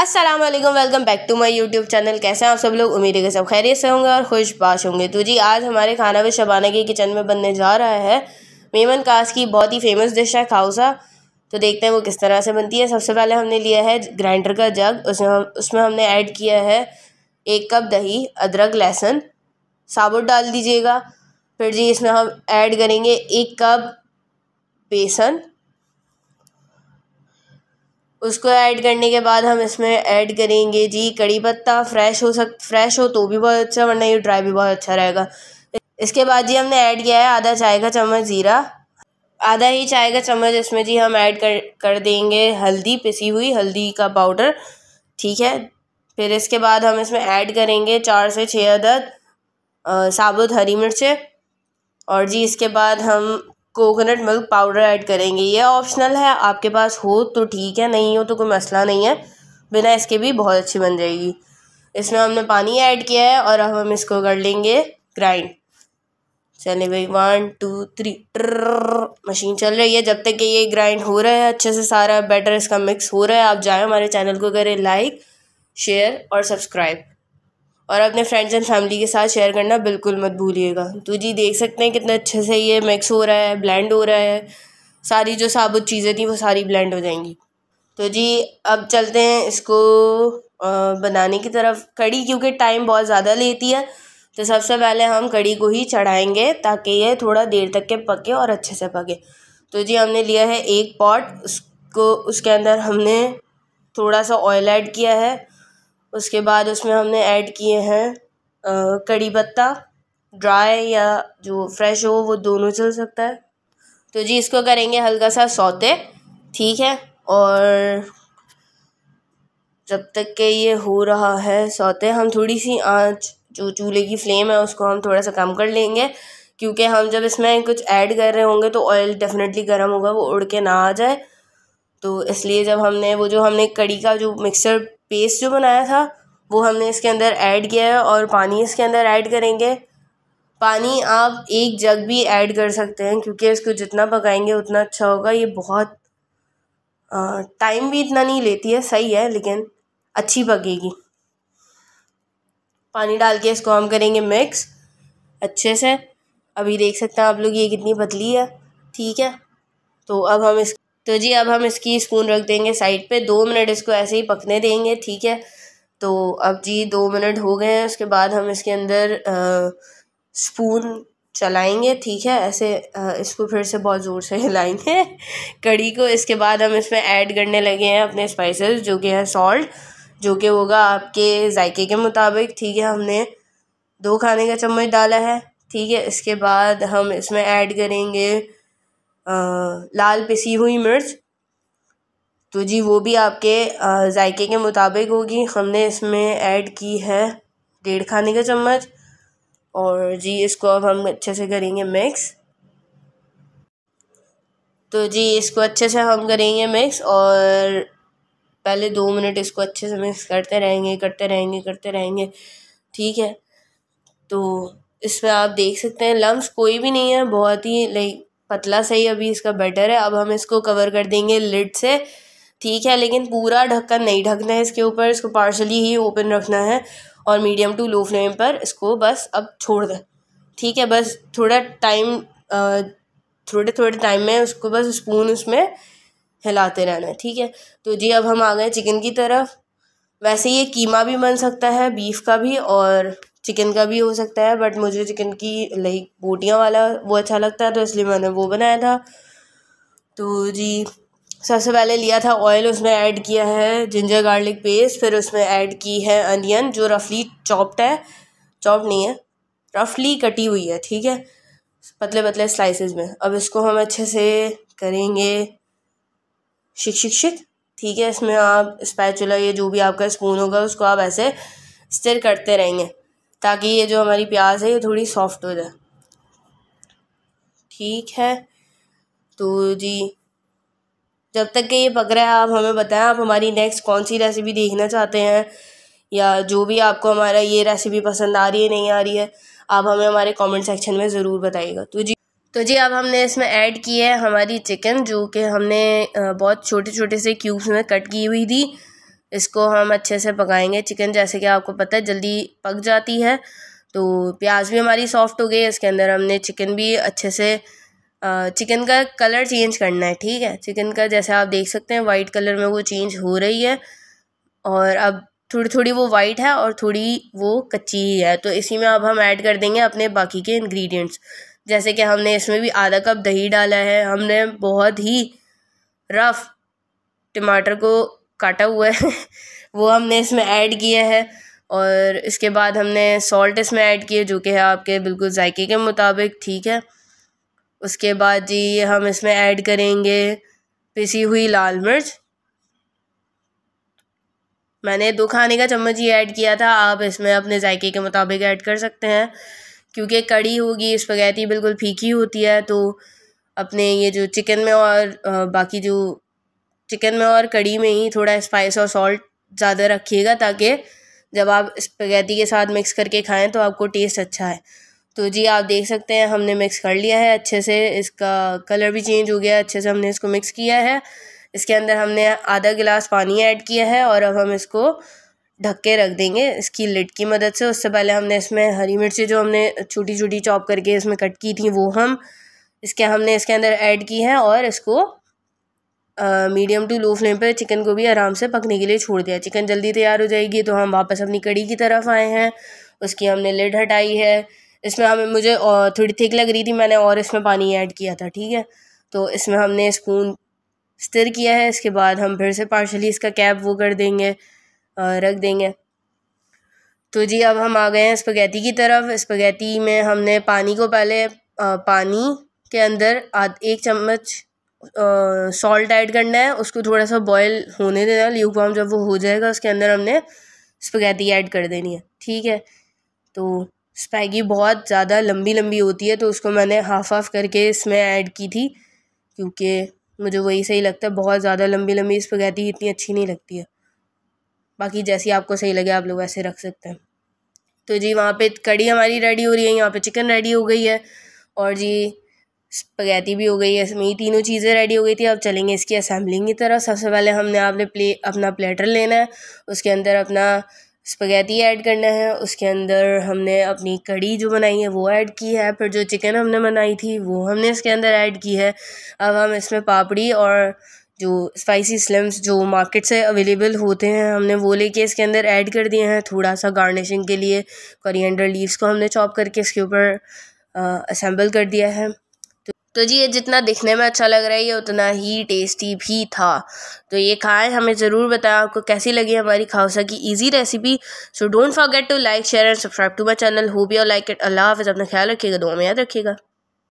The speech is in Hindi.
Aslam welcome back to my YouTube channel कैसे हैं आप सब लोग उम्मीद के सब खैरियत से होंगे और खुश होंगे तो जी आज हमारे खाना में शबाना के किचन में बनने जा रहा है मेमन कास की बहुत ही फेमस डिश है खाउसा तो देखते हैं वो किस तरह से बनती है सबसे पहले हमने लिया है ग्राइंडर का जग उसमें हम उसमें हमने ऐड किया है एक कप दही अदरक लहसुन साबुत डाल दीजिएगा फिर जी इसमें हम ऐड करेंगे एक कप बेसन उसको ऐड करने के बाद हम इसमें ऐड करेंगे जी कड़ी पत्ता फ्रेश हो सक फ्रेश हो तो भी बहुत अच्छा वरना ये ड्राई भी बहुत अच्छा रहेगा इसके बाद जी हमने ऐड किया है आधा चाय का चम्मच ज़ीरा आधा ही चाय का चम्मच इसमें जी हम ऐड कर कर देंगे हल्दी पिसी हुई हल्दी का पाउडर ठीक है फिर इसके बाद हम इसमें ऐड करेंगे चार से छः अदद साबुत हरी मिर्चें और जी इसके बाद हम कोकोनट मिल्क पाउडर ऐड करेंगे ये ऑप्शनल है आपके पास हो तो ठीक है नहीं हो तो कोई मसला नहीं है बिना इसके भी बहुत अच्छी बन जाएगी इसमें हमने पानी ऐड किया है और अब हम इसको कर लेंगे ग्राइंड चलिए भाई वन टू थ्री मशीन चल रही है जब तक कि ये ग्राइंड हो रहा है अच्छे से सारा बैटर इसका मिक्स हो रहा है आप जाएँ हमारे चैनल को करें लाइक शेयर और सब्सक्राइब और अपने फ्रेंड्स एंड फैमिली के साथ शेयर करना बिल्कुल मत भूलिएगा तो जी देख सकते हैं कितना अच्छे से ये मिक्स हो रहा है ब्लेंड हो रहा है सारी जो साबुत चीज़ें थी वो सारी ब्लेंड हो जाएंगी तो जी अब चलते हैं इसको बनाने की तरफ कड़ी क्योंकि टाइम बहुत ज़्यादा लेती है तो सबसे पहले हम कड़ी को ही चढ़ाएंगे ताकि ये थोड़ा देर तक के पके और अच्छे से पके तो जी हमने लिया है एक पॉट उसको उसके अंदर हमने थोड़ा सा ऑयल ऐड किया है उसके बाद उसमें हमने ऐड किए हैं कड़ी पत्ता ड्राई या जो फ्रेश हो वो दोनों चल सकता है तो जी इसको करेंगे हल्का सा सौते ठीक है और जब तक के ये हो रहा है सौते हम थोड़ी सी आंच जो चूल्हे की फ्लेम है उसको हम थोड़ा सा कम कर लेंगे क्योंकि हम जब इसमें कुछ ऐड कर रहे होंगे तो ऑयल डेफिनेटली गर्म होगा वो उड़ के ना आ जाए तो इसलिए जब हमने वो जो हमने कड़ी का जो मिक्सर पेस्ट जो बनाया था वो हमने इसके अंदर ऐड किया है और पानी इसके अंदर ऐड करेंगे पानी आप एक जग भी ऐड कर सकते हैं क्योंकि इसको जितना पकाएंगे उतना अच्छा होगा ये बहुत टाइम भी इतना नहीं लेती है सही है लेकिन अच्छी पकेगी पानी डाल के इसको हम करेंगे मिक्स अच्छे से अभी देख सकते हैं आप लोग ये कितनी पतली है ठीक है तो अब हम इस तो जी अब हम इसकी स्पून रख देंगे साइड पे दो मिनट इसको ऐसे ही पकने देंगे ठीक है तो अब जी दो मिनट हो गए हैं उसके बाद हम इसके अंदर आ, स्पून चलाएंगे ठीक है ऐसे आ, इसको फिर से बहुत ज़ोर से हिलाएंगे कड़ी को इसके बाद हम इसमें ऐड करने लगे हैं अपने स्पाइसेस जो कि है सॉल्ट जो कि होगा आपके जायके के मुताबिक ठीक है हमने दो खाने का चम्मच डाला है ठीक है इसके बाद हम इसमें ऐड करेंगे लाल पिसी हुई मिर्च तो जी वो भी आपके जायके के मुताबिक होगी हमने इसमें ऐड की है डेढ़ खाने का चम्मच और जी इसको अब हम अच्छे से करेंगे मिक्स तो जी इसको अच्छे से हम करेंगे मिक्स और पहले दो मिनट इसको अच्छे से मिक्स करते रहेंगे करते रहेंगे करते रहेंगे ठीक है तो इसमें आप देख सकते हैं लम्ब कोई भी नहीं है बहुत ही लाइक पतला सही अभी इसका बैटर है अब हम इसको कवर कर देंगे लिड से ठीक है लेकिन पूरा ढक्कन नहीं ढकना है इसके ऊपर इसको पार्शली ही ओपन रखना है और मीडियम टू लो फ्लेम पर इसको बस अब छोड़ दें ठीक है बस थोड़ा टाइम थोड़े थोड़े टाइम में उसको बस स्पून उसमें हिलाते रहना है ठीक है तो जी अब हम आ गए चिकन की तरफ वैसे ये कीमा भी बन सकता है बीफ का भी और चिकन का भी हो सकता है बट मुझे चिकन की लाइक बोटियाँ वाला वो अच्छा लगता है तो इसलिए मैंने वो बनाया था तो जी सबसे पहले लिया था ऑयल उसमें ऐड किया है जिंजर गार्लिक पेस्ट फिर उसमें ऐड की है अनियन जो रफली चॉप्ड है चॉप नहीं है रफली कटी हुई है ठीक है पतले पतले स्लाइसेस में अब इसको हम अच्छे से करेंगे शिक शिक शिक ठीक है इसमें आप स्पैचुला या जो भी आपका स्पून होगा उसको आप ऐसे स्टिर करते रहेंगे ताकि ये जो हमारी प्याज है ये थोड़ी सॉफ्ट हो जाए ठीक है तो जी जब तक कि ये पक रहा है आप हमें बताएं आप हमारी नेक्स्ट कौन सी रेसिपी देखना चाहते हैं या जो भी आपको हमारा ये रेसिपी पसंद आ रही है नहीं आ रही है आप हमें हमारे कमेंट सेक्शन में ज़रूर बताइएगा तो जी तो जी अब हमने इसमें ऐड की है हमारी चिकन जो कि हमने बहुत छोटे छोटे से क्यूब्स में कट की हुई थी इसको हम अच्छे से पकाएंगे चिकन जैसे कि आपको पता है जल्दी पक जाती है तो प्याज भी हमारी सॉफ्ट हो गई इसके अंदर हमने चिकन भी अच्छे से चिकन का कलर चेंज करना है ठीक है चिकन का जैसे आप देख सकते हैं वाइट कलर में वो चेंज हो रही है और अब थोड़ी थोड़ी वो वाइट है और थोड़ी वो कच्ची ही है तो इसी में अब हम ऐड कर देंगे अपने बाकी के इंग्रेडिएंट्स जैसे कि हमने इसमें भी आधा कप दही डाला है हमने बहुत ही रफ़ टमाटर को काटा हुआ है वो हमने इसमें ऐड किया है और इसके बाद हमने सॉल्ट इसमें ऐड किया जो कि है आपके बिल्कुल जायके के मुताबिक ठीक है उसके बाद जी हम इसमें ऐड करेंगे पिसी हुई लाल मिर्च मैंने दो खाने का चम्मच ही ऐड किया था आप इसमें अपने जायके के मुताबिक ऐड कर सकते हैं क्योंकि कड़ी होगी बगैती बिल्कुल फीकी होती है तो अपने ये जो चिकन में और बाकी जो चिकन में और कड़ी में ही थोड़ा स्पाइस और सॉल्ट ज़्यादा रखिएगा ताकि जब आप स्पगैती के साथ मिक्स करके खाएं तो आपको टेस्ट अच्छा है तो जी आप देख सकते हैं हमने मिक्स कर लिया है अच्छे से इसका कलर भी चेंज हो गया अच्छे से हमने इसको मिक्स किया है इसके अंदर हमने आधा गिलास पानी ऐड किया है और अब हम इसको ढक के रख देंगे इसकी लिड की मदद से उससे पहले हमने इसमें हरी मिर्ची जो हमने छोटी छोटी चॉप करके इसमें कट की थी वो हम इसके हमने इसके अंदर ऐड की है और इसको मीडियम टू लो फ्लेम पर चिकन को भी आराम से पकने के लिए छोड़ दिया चिकन जल्दी तैयार हो जाएगी तो हम वापस अपनी कड़ी की तरफ आए हैं उसकी हमने लेड हटाई है इसमें हमें मुझे थोड़ी थिक लग रही थी मैंने और इसमें पानी ऐड किया था ठीक है तो इसमें हमने स्पून स्थिर किया है इसके बाद हम फिर से पार्शली इसका कैप वो कर देंगे रख देंगे तो जी अब हम आ गए हैं स्पगैती की तरफ स्पगैती में हमने पानी को पहले पानी के अंदर एक चम्मच सॉल्ट ऐड करना है उसको थोड़ा सा बॉयल होने देना है ल्यू जब वो हो जाएगा उसके अंदर हमने स्पगैती ऐड कर देनी है ठीक है तो स्पैगी बहुत ज़्यादा लंबी लंबी होती है तो उसको मैंने हाफ हाफ करके इसमें ऐड की थी क्योंकि मुझे वही सही लगता है बहुत ज़्यादा लंबी लंबी स्पगैती इतनी अच्छी नहीं लगती है बाकी जैसी आपको सही लगे आप लोग वैसे रख सकते हैं तो जी वहाँ पे कड़ी हमारी रेडी हो रही है यहाँ पे चिकन रेडी हो गई है और जी स्पगैती भी हो गई है इसमें तीनों चीज़ें रेडी हो गई थी अब चलेंगे इसकी असेंबलिंग की तरफ सबसे पहले हमने आपने प्ले अपना प्लेटर लेना है उसके अंदर अपना स्पगैती ऐड करना है उसके अंदर हमने अपनी कड़ी जो बनाई है वो ऐड की है फिर जो चिकन हमने बनाई थी वो हमने इसके अंदर ऐड की है अब हम इसमें पापड़ी और जो स्पाइसी स्लम्स जो मार्केट से अवेलेबल होते हैं हमने वो लेके इसके अंदर ऐड कर दिए हैं थोड़ा सा गार्निशिंग के लिए करियंडर लीव्स को हमने चॉप करके इसके ऊपर असेंबल कर दिया है तो जी ये जितना दिखने में अच्छा लग रहा है ये उतना ही टेस्टी भी था तो ये खाएं हमें ज़रूर बताएं आपको कैसी लगी हमारी खाउसा की easy recipe so don't forget to like share and subscribe to my channel हो बी और लाइक इट अल्लाह हाफ़ अपना ख्याल रखिएगा दो में याद रखिएगा